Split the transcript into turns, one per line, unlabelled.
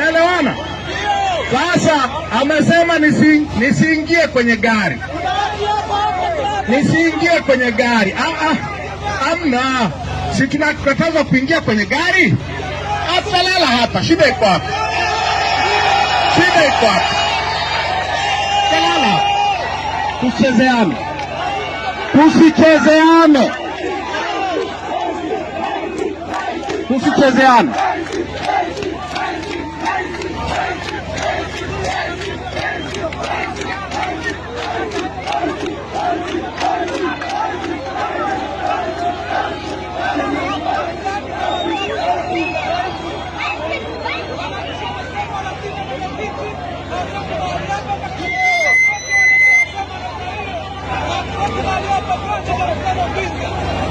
Tunaelewana? Sasa amesema nisi, nisiingie kwenye gari, nisiingie kwenye gari. Ah, ah, amna, si tunakatazwa kuingia kwenye gari? Atalala hapa, shida iko hapa, shida iko hapa. Talala, tusichezeane, tusichezeane, tusichezeane. Italia, patrocinio dello Stato